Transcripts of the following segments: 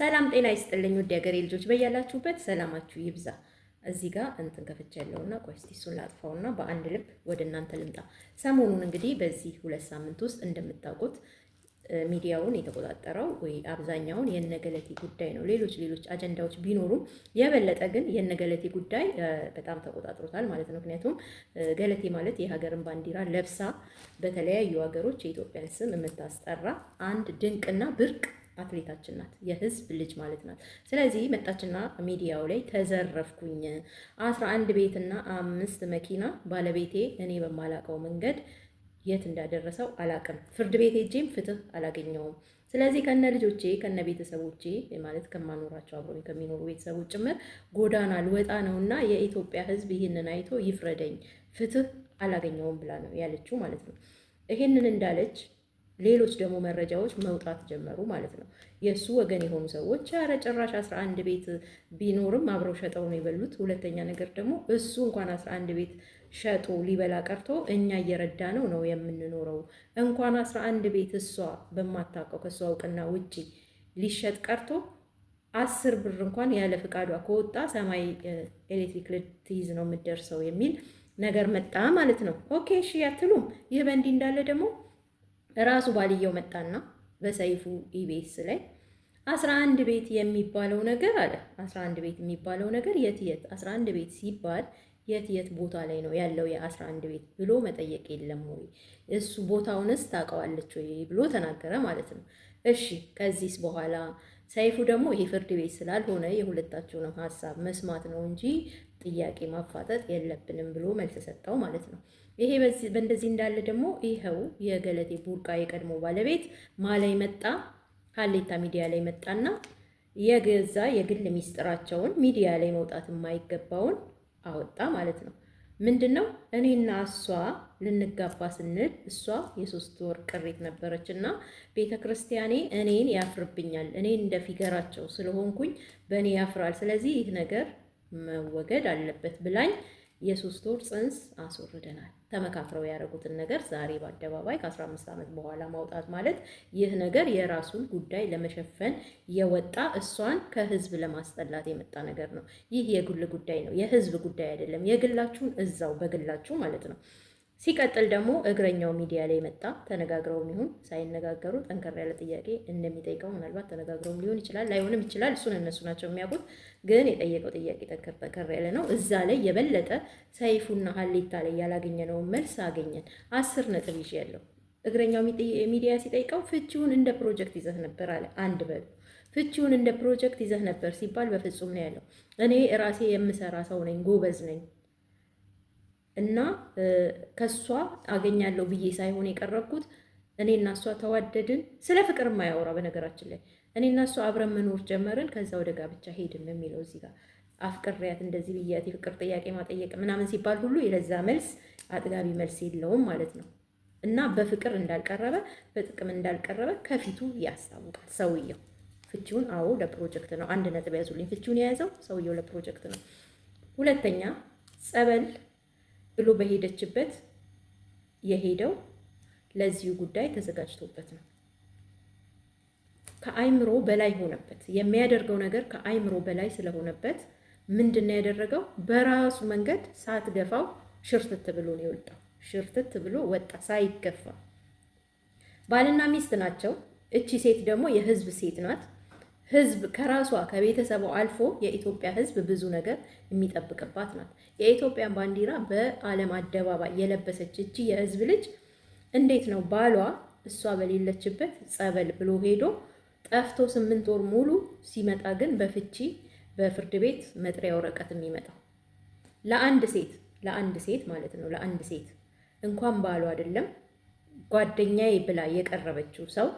ሰላም ጤና ይስጥልኝ ውድ ሀገሬ ልጆች በያላችሁበት ሰላማችሁ ይብዛ። እዚህ ጋር እንትን ከፍቼ ያለውና ቆይ እሱን ላጥፋውና በአንድ ልብ ወደ እናንተ ልምጣ። ሰሞኑን እንግዲህ በዚህ ሁለት ሳምንት ውስጥ እንደምታውቁት ሚዲያውን የተቆጣጠረው ወይ አብዛኛውን የነገለቴ ጉዳይ ነው። ሌሎች ሌሎች አጀንዳዎች ቢኖሩም የበለጠ ግን የነገለቴ ጉዳይ በጣም ተቆጣጥሮታል ማለት ነው። ምክንያቱም ገለቴ ማለት የሀገርን ባንዲራ ለብሳ በተለያዩ ሀገሮች የኢትዮጵያን ስም የምታስጠራ አንድ ድንቅና ብርቅ አትሌታችን ናት፣ የህዝብ ልጅ ማለት ናት። ስለዚህ መጣችና ሚዲያው ላይ ተዘረፍኩኝ፣ አስራ አንድ ቤትና አምስት መኪና ባለቤቴ እኔ በማላቀው መንገድ የት እንዳደረሰው አላቅም። ፍርድ ቤት ሄጄም ፍትህ አላገኘውም። ስለዚህ ከነ ልጆቼ ከነ ቤተሰቦቼ ማለት ከማኖራቸው አብሮ ከሚኖሩ ቤተሰቦች ጭምር ጎዳና ልወጣ እና የኢትዮጵያ ህዝብ ይህንን አይቶ ይፍረደኝ፣ ፍትህ አላገኘውም ብላ ነው ያለችው ማለት ነው። ይህንን እንዳለች ሌሎች ደግሞ መረጃዎች መውጣት ጀመሩ ማለት ነው። የእሱ ወገን የሆኑ ሰዎች አረ ጭራሽ 11 ቤት ቢኖርም አብረው ሸጠው ነው የበሉት። ሁለተኛ ነገር ደግሞ እሱ እንኳን አስራ ቤት ሸጦ ሊበላ ቀርቶ እኛ እየረዳ ነው ነው የምንኖረው። እንኳን አስራ ቤት እሷ በማታውቀው ከእሷ እውቅና ውጪ ሊሸጥ ቀርቶ አስር ብር እንኳን ያለ ፈቃዷ ከወጣ ሰማይ ኤሌክትሪክ ልትይዝ ነው የምደርሰው የሚል ነገር መጣ ማለት ነው። ኦኬ እሺ አትሉም? ይህ በእንዲህ እንዳለ ደግሞ ራሱ ባልየው መጣና በሰይፉ ኢቤስ ላይ አስራ አንድ ቤት የሚባለው ነገር አለ። አስራ አንድ ቤት የሚባለው ነገር የት የት አስራ አንድ ቤት ሲባል የት የት ቦታ ላይ ነው ያለው የአስራ አንድ ቤት ብሎ መጠየቅ የለም ወይ እሱ ቦታውንስ ታውቀዋለች ወይ ብሎ ተናገረ ማለት ነው። እሺ ከዚህስ በኋላ ሰይፉ ደግሞ ይሄ ፍርድ ቤት ስላልሆነ የሁለታችሁንም ሀሳብ መስማት ነው እንጂ ጥያቄ ማፋጠጥ የለብንም ብሎ መልስ ሰጠው ማለት ነው። ይሄ በእንደዚህ እንዳለ ደግሞ ይኸው የገለቴ ቡርቃ የቀድሞ ባለቤት ማላይ መጣ ሀሌታ ሚዲያ ላይ መጣና የገዛ የግል ሚስጥራቸውን ሚዲያ ላይ መውጣት የማይገባውን አወጣ ማለት ነው። ምንድን ነው እኔና እሷ ልንጋባ ስንል እሷ የሶስት ወር ቅሬት ነበረች እና ቤተ ክርስቲያኔ እኔን ያፍርብኛል፣ እኔ እንደ ፊገራቸው ስለሆንኩኝ በእኔ ያፍራል። ስለዚህ ይህ ነገር መወገድ አለበት ብላኝ የሶስት ወር ጽንስ አስወርደናል። ተመካክረው ያደረጉትን ነገር ዛሬ በአደባባይ ከ15 ዓመት በኋላ ማውጣት ማለት ይህ ነገር የራሱን ጉዳይ ለመሸፈን የወጣ እሷን ከህዝብ ለማስጠላት የመጣ ነገር ነው። ይህ የግል ጉዳይ ነው፣ የህዝብ ጉዳይ አይደለም። የግላችሁን እዛው በግላችሁ ማለት ነው ሲቀጥል ደግሞ እግረኛው ሚዲያ ላይ መጣ ተነጋግረውም ይሁን ሳይነጋገሩ ጠንከር ያለ ጥያቄ እንደሚጠይቀው ምናልባት ተነጋግረውም ሊሆን ይችላል፣ ላይሆንም ይችላል። እሱን እነሱ ናቸው የሚያውቁት። ግን የጠየቀው ጥያቄ ጠንከር ያለ ነው። እዛ ላይ የበለጠ ሰይፉና ሀሌታ ላይ ያላገኘነውን መልስ አገኘን። አስር ነጥብ ይዤ ያለው እግረኛው ሚዲያ ሲጠይቀው ፍቺውን እንደ ፕሮጀክት ይዘህ ነበር አለ። አንድ በሉ ፍቺውን እንደ ፕሮጀክት ይዘህ ነበር ሲባል በፍጹም ነው ያለው። እኔ ራሴ የምሰራ ሰው ነኝ፣ ጎበዝ ነኝ እና ከእሷ አገኛለሁ ብዬ ሳይሆን የቀረብኩት እኔ እና እሷ ተዋደድን። ስለ ፍቅር የማያወራ በነገራችን ላይ እኔ እና እሷ አብረን መኖር ጀመርን፣ ከዛ ወደ ጋብቻ ሄድን የሚለው እዚህ ጋር አፍቅሬያት እንደዚህ ብያት የፍቅር ጥያቄ ማጠየቅ ምናምን ሲባል ሁሉ የለዛ መልስ አጥጋቢ መልስ የለውም ማለት ነው። እና በፍቅር እንዳልቀረበ በጥቅም እንዳልቀረበ ከፊቱ ያስታውቃል ሰውየው። ፍቺውን አዎ ለፕሮጀክት ነው። አንድ ነጥብ ያዙልኝ። ፍቺውን የያዘው ሰውየው ለፕሮጀክት ነው። ሁለተኛ ጸበል ብሎ በሄደችበት የሄደው ለዚሁ ጉዳይ ተዘጋጅቶበት ነው። ከአይምሮ በላይ ሆነበት። የሚያደርገው ነገር ከአይምሮ በላይ ስለሆነበት ምንድን ነው ያደረገው? በራሱ መንገድ ሳትገፋው ሽርትት ብሎ ነው የወጣው። ሽርትት ብሎ ወጣ ሳይገፋ። ባልና ሚስት ናቸው። እቺ ሴት ደግሞ የህዝብ ሴት ናት። ህዝብ ከራሷ ከቤተሰቡ አልፎ የኢትዮጵያ ህዝብ ብዙ ነገር የሚጠብቅባት ናት። የኢትዮጵያን ባንዲራ በዓለም አደባባይ የለበሰች እቺ የህዝብ ልጅ እንዴት ነው ባሏ እሷ በሌለችበት ጸበል ብሎ ሄዶ ጠፍቶ ስምንት ወር ሙሉ ሲመጣ ግን በፍቺ በፍርድ ቤት መጥሪያ ወረቀት የሚመጣው ለአንድ ሴት ለአንድ ሴት ማለት ነው። ለአንድ ሴት እንኳን ባሉ አይደለም ጓደኛዬ ብላ የቀረበችው ሰው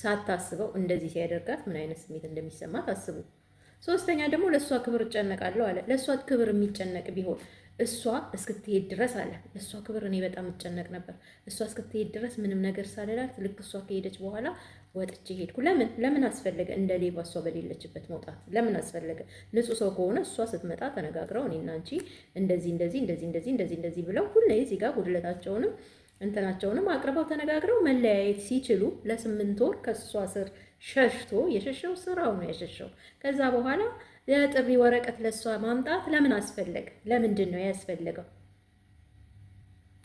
ሳታስበው እንደዚህ ሲያደርጋት ምን አይነት ስሜት እንደሚሰማት አስቡ። ሶስተኛ ደግሞ ለእሷ ክብር እጨነቃለሁ አለ። ለእሷ ክብር የሚጨነቅ ቢሆን እሷ እስክትሄድ ድረስ አለ ለእሷ ክብር እኔ በጣም እጨነቅ ነበር። እሷ እስክትሄድ ድረስ ምንም ነገር ሳልላት ልክ እሷ ከሄደች በኋላ ወጥቼ ሄድኩ። ለምን ለምን አስፈለገ? እንደ ሌባ እሷ በሌለችበት መውጣት ለምን አስፈለገ? ንጹህ ሰው ከሆነ እሷ ስትመጣ ተነጋግረው እኔና አንቺ እንደዚህ እንደዚህ እንደዚህ እንደዚህ እንደዚህ እንደዚህ ብለው ሁሌ እዚህ ጋር ጉድለታቸውንም እንትናቸውንም አቅርበው ተነጋግረው መለያየት ሲችሉ ለስምንት ወር ከእሷ ስር ሸሽቶ የሸሸው ስራው ነው የሸሸው። ከዛ በኋላ የጥሪ ወረቀት ለእሷ ማምጣት ለምን አስፈለገ? ለምንድን ነው ያስፈለገው?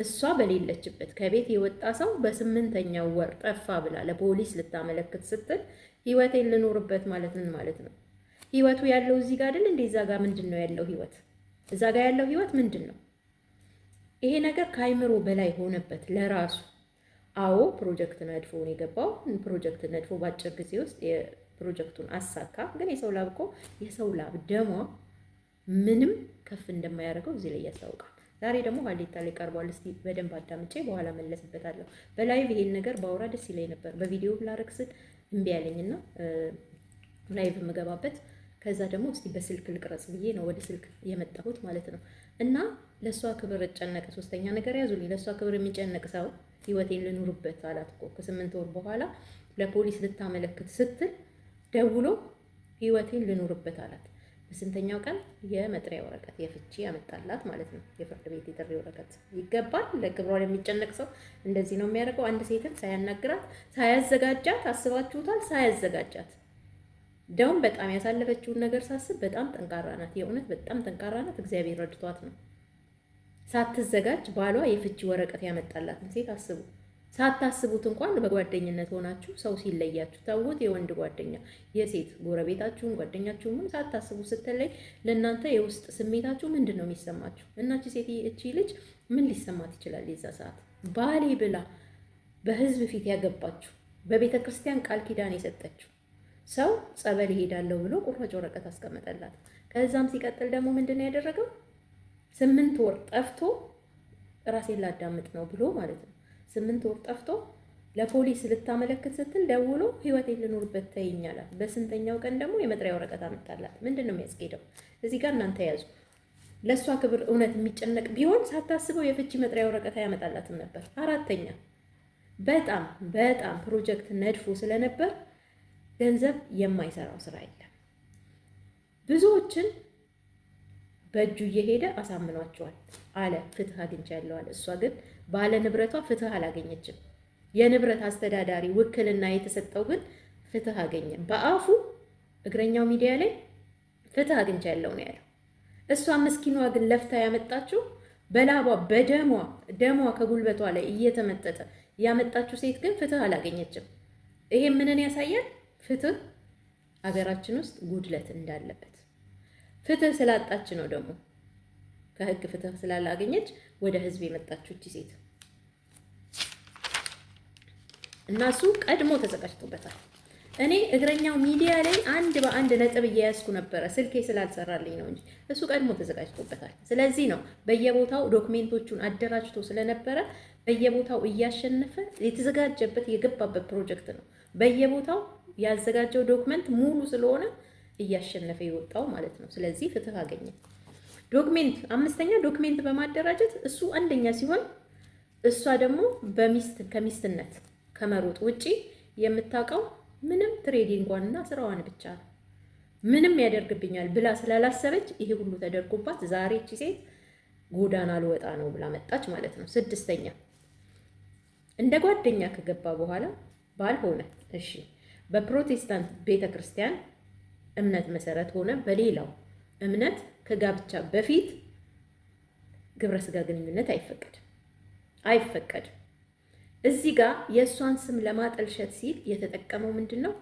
እሷ በሌለችበት ከቤት የወጣ ሰው በስምንተኛው ወር ጠፋ ብላ ለፖሊስ ልታመለክት ስትል ህይወቴን ልኖርበት ማለት ምን ማለት ነው? ህይወቱ ያለው እዚህ ጋር አይደል? እንደዛ ጋር ምንድን ነው ያለው ህይወት? እዛ ጋር ያለው ህይወት ምንድን ነው? ይሄ ነገር ከአይምሮ በላይ ሆነበት ለራሱ። አዎ ፕሮጀክት ነድፎ ነው የገባው። ፕሮጀክት ነድፎ በአጭር ጊዜ ውስጥ የፕሮጀክቱን አሳካ። ግን የሰው ላብ እኮ የሰው ላብ ደሞ ምንም ከፍ እንደማያደርገው እዚህ ላይ ያስታውቃል። ዛሬ ደግሞ ሀሌታ ላይ ቀርቧል። እስቲ በደንብ አዳምጬ በኋላ መለስበታለሁ። በላይቭ ይሄን ነገር ባውራ ደስ ይለኝ ነበር። በቪዲዮ ብላረግ ስል እምቢ ያለኝና ላይቭ የምገባበት ከዛ ደግሞ እስቲ በስልክ ልቅረጽ ብዬ ነው ወደ ስልክ የመጣሁት ማለት ነው እና ለእሷ ክብር እጨነቀ። ሶስተኛ ነገር ያዙልኝ፣ ለእሷ ክብር የሚጨነቅ ሰው ህይወቴን ልኑርበት አላት እኮ። ከስምንት ወር በኋላ ለፖሊስ ልታመለክት ስትል ደውሎ ህይወቴን ልኑርበት አላት። በስንተኛው ቀን የመጥሪያ ወረቀት የፍቺ ያመጣላት ማለት ነው። የፍርድ ቤት የጥሪ ወረቀት ይገባል። ለክብሯ የሚጨነቅ ሰው እንደዚህ ነው የሚያደርገው። አንድ ሴትን ሳያናግራት ሳያዘጋጃት፣ አስባችሁታል? ሳያዘጋጃት ደውም በጣም ያሳለፈችውን ነገር ሳስብ በጣም ጠንካራ ናት። የእውነት በጣም ጠንካራ ናት። እግዚአብሔር ረድቷት ነው። ሳትዘጋጅ ባሏ የፍቺ ወረቀት ያመጣላትን ሴት አስቡ። ሳታስቡት እንኳን በጓደኝነት ሆናችሁ ሰው ሲለያችሁ ታውት የወንድ ጓደኛ የሴት ጎረቤታችሁን ምን ሳታስቡ ስትለይ ለእናንተ የውስጥ ስሜታችሁ ምንድን ነው የሚሰማችሁ? እናች ሴት እቺ ልጅ ምን ሊሰማት ይችላል? የዛ ሰዓት ባሌ ብላ በህዝብ ፊት ያገባችሁ በቤተ ክርስቲያን ቃል ኪዳን የሰጠችው ሰው ጸበል ይሄዳለሁ ብሎ ቁራጭ ወረቀት አስቀመጠላት። ከዛም ሲቀጥል ደግሞ ምንድን ነው ያደረገው? ስምንት ወር ጠፍቶ ራሴን ላዳምጥ ነው ብሎ ማለት ነው። ስምንት ወር ጠፍቶ ለፖሊስ ልታመለክት ስትል ደውሎ ህይወቴን ልኖርበት ተይኛላት። በስንተኛው ቀን ደግሞ የመጥሪያ ወረቀት አመጣላት። ምንድን ነው የሚያስኬደው? እዚህ ጋር እናንተ ያዙ። ለእሷ ክብር እውነት የሚጨነቅ ቢሆን ሳታስበው የፍቺ መጥሪያ ወረቀት አያመጣላትም ነበር። አራተኛ በጣም በጣም ፕሮጀክት ነድፎ ስለነበር ገንዘብ የማይሰራው ስራ የለም ብዙዎችን በእጁ እየሄደ አሳምኗቸዋል አለ። ፍትህ አግኝቻለሁ አለ። እሷ ግን ባለ ንብረቷ ፍትህ አላገኘችም። የንብረት አስተዳዳሪ ውክልና የተሰጠው ግን ፍትህ አገኘ። በአፉ እግረኛው ሚዲያ ላይ ፍትህ አግኝቻለሁ ነው ያለው። እሷ ምስኪኗ ግን ለፍታ ያመጣችው በላቧ በደሟ ደሟ ከጉልበቷ ላይ እየተመጠጠ ያመጣችው ሴት ግን ፍትህ አላገኘችም። ይሄ ምንን ያሳያል? ፍትህ ሀገራችን ውስጥ ጉድለት እንዳለበት ፍትህ ስላጣች ነው ደግሞ ከህግ ፍትህ ስላላገኘች ወደ ህዝብ የመጣችው ሴት እና እሱ ቀድሞ ተዘጋጅቶበታል። እኔ እግረኛው ሚዲያ ላይ አንድ በአንድ ነጥብ እየያዝኩ ነበረ፣ ስልኬ ስላልሰራልኝ ነው እንጂ እሱ ቀድሞ ተዘጋጅቶበታል። ስለዚህ ነው በየቦታው ዶክሜንቶቹን አደራጅቶ ስለነበረ በየቦታው እያሸነፈ የተዘጋጀበት የገባበት ፕሮጀክት ነው። በየቦታው ያዘጋጀው ዶክመንት ሙሉ ስለሆነ እያሸነፈ የወጣው ማለት ነው። ስለዚህ ፍትህ አገኘ። ዶክሜንት አምስተኛ ዶክሜንት በማደራጀት እሱ አንደኛ ሲሆን እሷ ደግሞ በሚስት ከሚስትነት ከመሮጥ ውጪ የምታውቀው ምንም ትሬዲንጓንና ስራዋን ብቻ ነው። ምንም ያደርግብኛል ብላ ስላላሰበች ይሄ ሁሉ ተደርጎባት ዛሬ እቺ ሴት ጎዳና ልወጣ ነው ብላ መጣች ማለት ነው። ስድስተኛ እንደ ጓደኛ ከገባ በኋላ ባል ሆነ። እሺ በፕሮቴስታንት ቤተክርስቲያን እምነት መሰረት ሆነ በሌላው እምነት ከጋብቻ በፊት ግብረ ስጋ ግንኙነት አይፈቀድም አይፈቀድም። እዚህ ጋር የእሷን ስም ለማጠልሸት ሲል የተጠቀመው ምንድን ነው?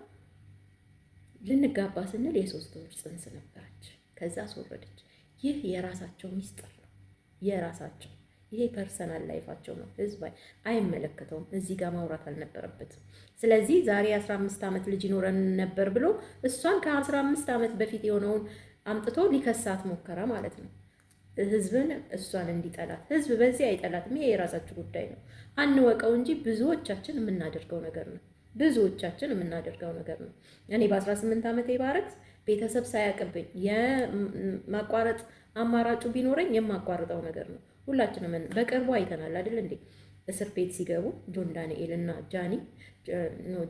ልንጋባ ስንል የሶስት ወር ጽንስ ነበረች፣ ከዛ አስወረደች። ይህ የራሳቸው ሚስጥር ነው የራሳቸው ይሄ ፐርሰናል ላይፋቸው ነው። ህዝብ አይመለከተውም። እዚህ ጋር ማውራት አልነበረበትም። ስለዚህ ዛሬ 15 ዓመት ልጅ ይኖረን ነበር ብሎ እሷን ከ15 ዓመት በፊት የሆነውን አምጥቶ ሊከሳት ሞከረ ማለት ነው። ህዝብን እሷን እንዲጠላት ህዝብ በዚህ አይጠላትም። ይሄ የራሳችሁ ጉዳይ ነው፣ አንወቀው እንጂ ብዙዎቻችን የምናደርገው ነገር ነው። ብዙዎቻችን የምናደርገው ነገር ነው። እኔ በ18 ዓመቴ ባረግዝ ቤተሰብ ሳያቅብኝ የማቋረጥ አማራጩ ቢኖረኝ የማቋርጠው ነገር ነው። ሁላችንም በቅርቡ አይተናል አይደል እንዴ? እስር ቤት ሲገቡ ጆን ዳንኤል እና ጃኒ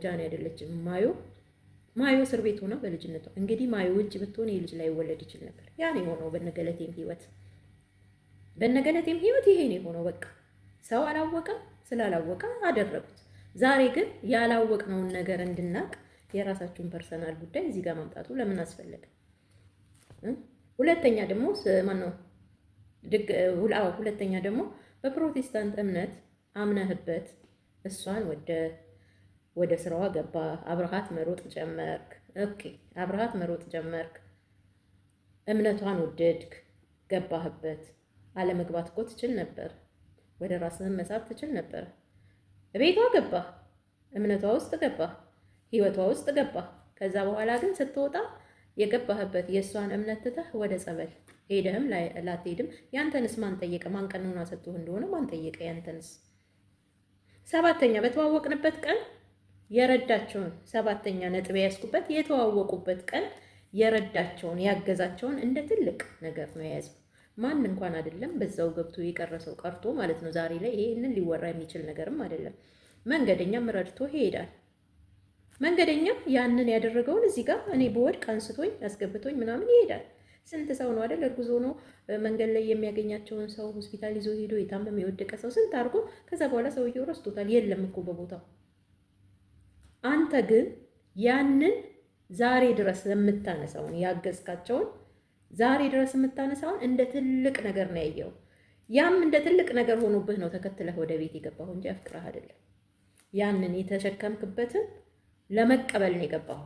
ጃኒ አይደለችም ማዮ ማዮ እስር ቤት ሆና በልጅነቷ እንግዲህ ማዮ ውጭ ብትሆን የልጅ ላይ ወለድ ይችል ነበር። ያን የሆነው በነገለቴም ህይወት በነገለቴም ህይወት ነው የሆነው በቃ ሰው አላወቀ ስላላወቀ አደረጉት። ዛሬ ግን ያላወቅነውን ነገር እንድናቅ የራሳችሁን ፐርሰናል ጉዳይ እዚህ ጋር ማምጣቱ ለምን አስፈለገ? ሁለተኛ ደግሞ ማነው ሁለተኛ ደግሞ በፕሮቴስታንት እምነት አምነህበት እሷን ወደ ወደ ስራዋ ገባ አብረሃት መሮጥ ጀመርክ። ኦኬ አብረሃት መሮጥ ጀመርክ። እምነቷን ወደድክ፣ ገባህበት። አለመግባት እኮ ትችል ነበር። ወደ ራስህን መሳብ ትችል ነበር። ቤቷ ገባህ፣ እምነቷ ውስጥ ገባህ፣ ህይወቷ ውስጥ ገባህ። ከዛ በኋላ ግን ስትወጣ የገባህበት የእሷን እምነት ትተህ ወደ ጸበል ሄደህም ላትሄድም ያንተንስ ማን ጠየቀ? ማን ሰጥቶህ እንደሆነ ማን ጠየቀ? ያንተንስ ሰባተኛ በተዋወቅንበት ቀን የረዳቸውን ሰባተኛ ነጥብ የያዝኩበት የተዋወቁበት ቀን የረዳቸውን ያገዛቸውን እንደ ትልቅ ነገር ነው የያዝኩ። ማን እንኳን አይደለም በዛው ገብቶ የቀረሰው ቀርቶ ማለት ነው። ዛሬ ላይ ይሄንን ሊወራ የሚችል ነገርም አይደለም። መንገደኛም ረድቶ ይሄዳል። መንገደኛ ያንን ያደረገውን እዚህ ጋር እኔ በወድቅ አንስቶኝ ያስገብቶኝ ምናምን ይሄዳል። ስንት ሰው ነው አይደል እርጉዞ ነው መንገድ ላይ የሚያገኛቸውን ሰው ሆስፒታል ይዞ ሄዶ የታመመ የወደቀ ሰው ስንት አድርጎ ከዛ በኋላ ሰውየው ረስቶታል። የለም እኮ በቦታው። አንተ ግን ያንን ዛሬ ድረስ የምታነሳውን ያገዝካቸውን ዛሬ ድረስ የምታነሳውን እንደ ትልቅ ነገር ነው ያየው። ያም እንደ ትልቅ ነገር ሆኖብህ ነው ተከትለህ ወደ ቤት የገባሁ እንጂ አፍቅረህ አይደለም። ያንን የተሸከምክበትን ለመቀበል ነው የገባው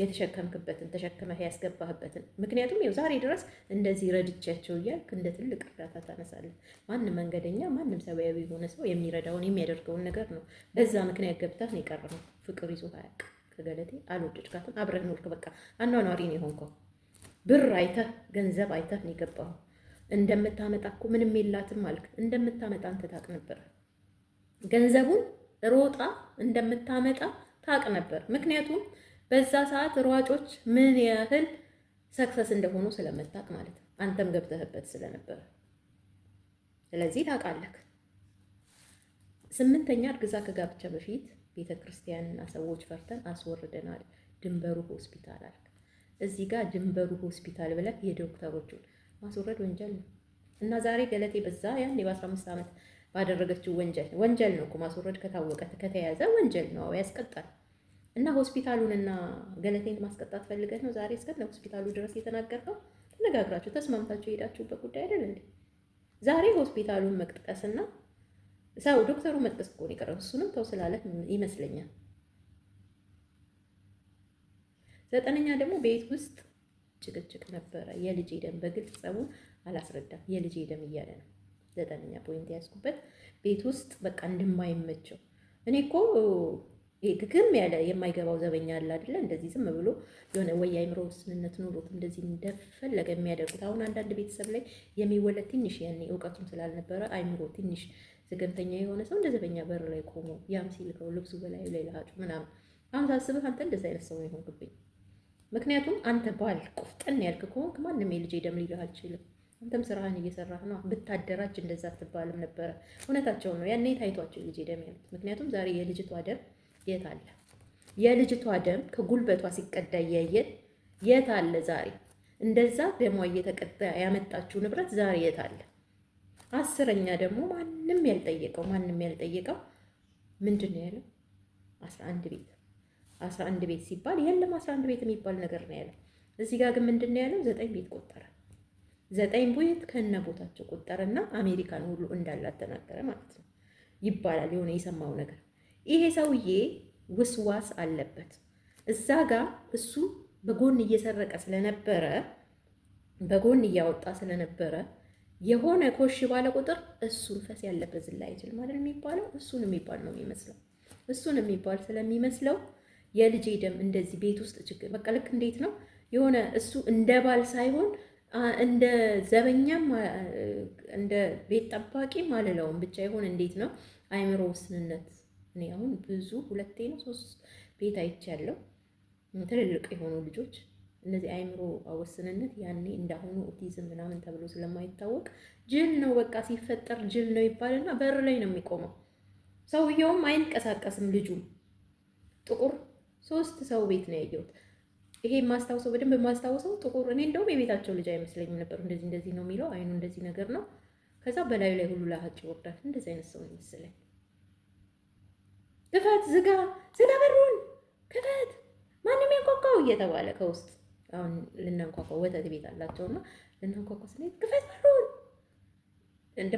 የተሸከምክበትን ተሸክመህ ያስገባህበትን። ምክንያቱም ይኸው ዛሬ ድረስ እንደዚህ ረድቻቸው እያልክ እንደ ትልቅ እርዳታ ታነሳለህ። ማንም መንገደኛ፣ ማንም ሰብአዊ የሆነ ሰው የሚረዳውን የሚያደርገውን ነገር ነው። በዛ ምክንያት ገብተህ ነው የቀረነው። ፍቅር ይዞ ሀያቅ ከገለቴ አልወደድካትም። አብረህ ኖርክ። በቃ አኗኗሪ ነው የሆንከው። ብር አይተህ ገንዘብ አይተህ ነው የገባኸው። እንደምታመጣ እኮ ምንም የላትም አልክ። እንደምታመጣ አንተ ታውቅ ነበረ ገንዘቡን ሮጣ እንደምታመጣ ታቅ ነበር። ምክንያቱም በዛ ሰዓት ሯጮች ምን ያህል ሰክሰስ እንደሆኑ ስለምታቅ ማለት ነው። አንተም ገብተህበት ስለነበረ ስለዚህ ታውቃለህ። ስምንተኛ እርግዛ ከጋብቻ በፊት ቤተ ክርስቲያንና ሰዎች ፈርተን አስወርደናል። ድንበሩ ሆስፒታል አልክ። እዚህ ጋር ድንበሩ ሆስፒታል ብለህ የዶክተሮቹን ማስወረድ ወንጀል ነው እና ዛሬ ገለቴ በዛ ያኔ በ15 ዓመት ባደረገችው ወንጀል ወንጀል ነው እኮ ማስወረድ ከታወቀ ከተያዘ ወንጀል ነው ያስቀጣል። እና ሆስፒታሉንና ገለቴን ማስቀጣት ፈልገህ ነው ዛሬ እስከ ሆስፒታሉ ድረስ የተናገርከው? ተነጋግራችሁ ተስማምታችሁ የሄዳችሁበት ጉዳይ አይደል እንዴ? ዛሬ ሆስፒታሉን መቅጥቀስና ሰው ዶክተሩ መጥቀስ እኮ ነው የቀረው። እሱንም ተው ስላለህ ይመስለኛል። ዘጠነኛ ደግሞ ቤት ውስጥ ጭቅጭቅ ነበረ። የልጄ ደም በግልጽ ጸቡ አላስረዳም። የልጄ ደም እያለ ነው ዘጠነኛ ፖይንት ያዝኩበት ቤት ውስጥ በቃ እንደማይመቸው እኔ እኮ ግግም ያለ የማይገባው ዘበኛ አለ አይደለ? እንደዚህ ዝም ብሎ የሆነ ወይ አይምሮ ውስንነት ኑሮት እንደዚህ እንደፈለገ የሚያደርጉት። አሁን አንዳንድ ቤተሰብ ላይ የሚወለድ ትንሽ ያኔ እውቀቱም ስላልነበረ አይምሮ ትንሽ ዘገምተኛ የሆነ ሰው እንደ ዘበኛ በር ላይ ቆሞ ያም ሲልከው ልብሱ በላዩ ላይ ለሀጩ ምናምን። አሁን ሳስብህ አንተ እንደዚ አይነት ሰው ይሆንክብኝ። ምክንያቱም አንተ ባል ቁፍጠን ያልክ ከሆንክ ማንም የልጄ ደም ሊልህ አልችልም አንተም ስራህን እየሰራህ ነው። ብታደራጅ እንደዛ አትባልም ነበረ። እውነታቸውን ነው። ያኔ ታይቷቸው ልጅ ደም ያሉት። ምክንያቱም ዛሬ የልጅቷ ደም የት አለ? የልጅቷ ደም ከጉልበቷ ሲቀዳ እያየን የት አለ? ዛሬ እንደዛ ደሟ እየተቀዳ ያመጣችው ንብረት ዛሬ የት አለ? አስረኛ ደግሞ ማንም ያልጠየቀው ማንም ያልጠየቀው ምንድን ነው ያለው? አስራ አንድ ቤት አስራ አንድ ቤት ሲባል የለም አስራ አንድ ቤት የሚባል ነገር ነው ያለው። እዚህ ጋር ግን ምንድን ነው ያለው? ዘጠኝ ቤት ቆጠረ። ዘጠኝ ቦየት ከነ ቦታቸው ቆጠረና አሜሪካን ሁሉ እንዳላት ማለት ነው ይባላል። የሆነ የሰማው ነገር ይሄ ሰውዬ ውስዋስ አለበት። እዛ ጋር እሱ በጎን እየሰረቀ ስለነበረ በጎን እያወጣ ስለነበረ የሆነ ኮሽ ባለ ቁጥር እሱን ፈስ ያለበት ዝላ አይችል ማለት የሚባለው እሱን የሚባል ነው የሚመስለው። እሱን የሚባል ስለሚመስለው የልጄ ደም እንደዚህ ቤት ውስጥ ችግር በቃ ልክ እንዴት ነው የሆነ እሱ እንደ ባል ሳይሆን እንደ ዘበኛም እንደ ቤት ጠባቂም አልለውም። ብቻ ይሆን እንዴት ነው አይምሮ ውስንነት። እኔ አሁን ብዙ ሁለቴ ነው ሶስት ቤት አይቻለሁ። ትልልቅ የሆኑ ልጆች እነዚህ አይምሮ ውስንነት ያኔ እንዳሁኑ ኦቲዝም ምናምን ተብሎ ስለማይታወቅ ጅል ነው በቃ ሲፈጠር ጅል ነው ይባልና በር ላይ ነው የሚቆመው። ሰውየውም አይንቀሳቀስም ልጁም ጥቁር ሶስት ሰው ቤት ነው ያየሁት። ይሄ የማስታውሰው በደንብ የማስታውሰው ጥቁር እኔ እንደውም የቤታቸው ልጅ አይመስለኝም ነበር። እንደዚህ እንደዚህ ነው የሚለው አይኑ እንደዚህ ነገር ነው። ከዛ በላዩ ላይ ሁሉ ላሀጭ ይወርዳል። እንደዚህ አይነት ሰው ነው ይመስለኝ። ክፈት፣ ዝጋ፣ ዝጋ በሩን፣ ክፈት፣ ማንም ያንኳኳው እየተባለ ከውስጥ አሁን ልናንኳኳው ወተት ቤት አላቸውና ልናንኳኳ ስለ ክፈት በሩን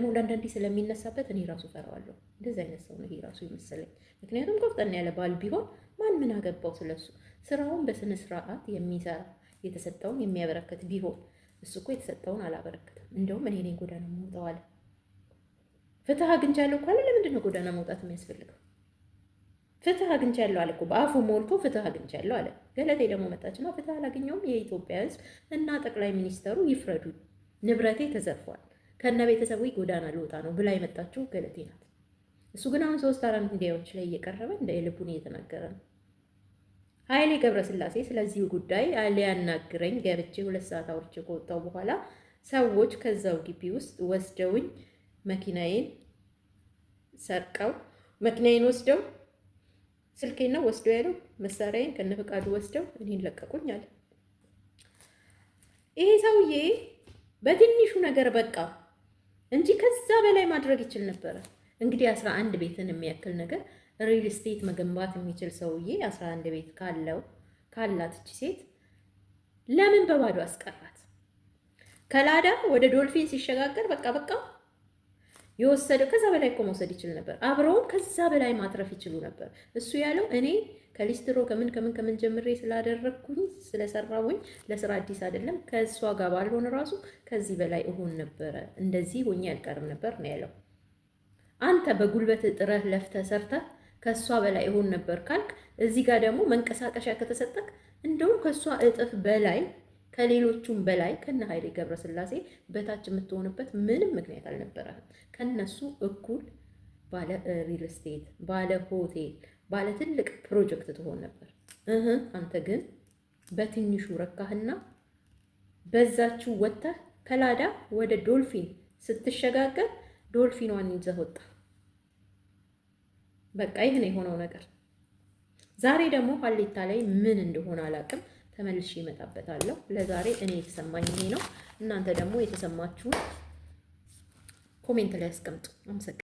ሞላ አንዳንዴ ስለሚነሳበት እኔ ራሱ ፈራዋለሁ። እንደዚህ አይነት ሰው ነው ይሄ ራሱ ይመስለኝ። ምክንያቱም ቆፍጠና ያለ ባል ቢሆን ማን ምን አገባው ስለሱ ስራውን በስነ ስርዓት የሚሰራ የተሰጠውን የሚያበረክት ቢሆን እሱ እኮ የተሰጠውን አላበረከትም። እንደውም እኔ ነኝ ጎዳና መውጣው አለ። ፍትህ አግኝቻለሁ ካለ ለምንድን ነው ጎዳና መውጣት የሚያስፈልገው? ፍትህ አግኝቻለሁ አለ እኮ በአፉ ሞልቶ ፍትህ አግኝቻለሁ አለ። ገለቴ ደግሞ መጣችና ፍትህ አላገኘውም፣ የኢትዮጵያ ህዝብ እና ጠቅላይ ሚኒስተሩ ይፍረዱ፣ ንብረቴ ተዘርፏል፣ ከነ ቤተሰቡ ጎዳና ልወጣ ነው ብላ የመጣችው ገለቴ ናት። እሱ ግን አሁን ሶስት አራት ሚዲያዎች ላይ እየቀረበ እንደ ልቡን እየተናገረ ነው። ኃይሌ ገብረስላሴ ስለዚህ ጉዳይ ሊያናግረኝ ገብቼ ሁለት ሰዓት አውርቼ ከወጣሁ በኋላ ሰዎች ከዛው ግቢ ውስጥ ወስደውኝ መኪናዬን ሰርቀው መኪናዬን ወስደው ስልኬን ነው ወስደው ያለው መሳሪያዬን ከነፈቃዱ ወስደው እኔን ለቀቁኝ አለ። ይሄ ሰውዬ በትንሹ ነገር በቃ እንጂ ከዛ በላይ ማድረግ ይችል ነበረ። እንግዲህ አስራ አንድ ቤትን የሚያክል ነገር ሪል ስቴት መገንባት የሚችል ሰውዬ አስራ አንድ ቤት ካለው ካላት እቺ ሴት ለምን በባዶ አስቀራት? ከላዳ ወደ ዶልፊን ሲሸጋገር በቃ በቃ የወሰደው ከዛ በላይ እኮ መውሰድ ይችል ነበር። አብረውም ከዛ በላይ ማትረፍ ይችሉ ነበር። እሱ ያለው እኔ ከሊስትሮ ከምን ከምን ከምን ጀምሬ ስላደረግኩኝ ስለሰራሁኝ ለስራ አዲስ አይደለም። ከእሷ ጋር ባልሆን ራሱ ከዚህ በላይ እሆን ነበረ፣ እንደዚህ ሆኜ አልቀርም ነበር ነው ያለው። አንተ በጉልበት ጥረህ ለፍተህ ሰርተህ ከእሷ በላይ እሆን ነበር ካልክ፣ እዚህ ጋር ደግሞ መንቀሳቀሻ ከተሰጠክ እንደውም ከእሷ እጥፍ በላይ ከሌሎቹም በላይ ከነ ኃይሌ ገብረስላሴ በታች የምትሆንበት ምንም ምክንያት አልነበረህም። ከነሱ እኩል ባለ ሪል ስቴት፣ ባለ ሆቴል፣ ባለ ትልቅ ፕሮጀክት ትሆን ነበር። እህ አንተ ግን በትንሹ ረካህና በዛችው ወጥተህ ከላዳ ወደ ዶልፊን ስትሸጋገር ዶልፊኗን ይዘህ ወጣ። በቃ ይህ ነው የሆነው ነገር። ዛሬ ደግሞ ሀሌታ ላይ ምን እንደሆነ አላውቅም። ተመልሼ እመጣበታለሁ። ለዛሬ እኔ የተሰማኝ ይሄ ነው። እናንተ ደግሞ የተሰማችሁን ኮሜንት ላይ አስቀምጡ። አመሰግናለሁ።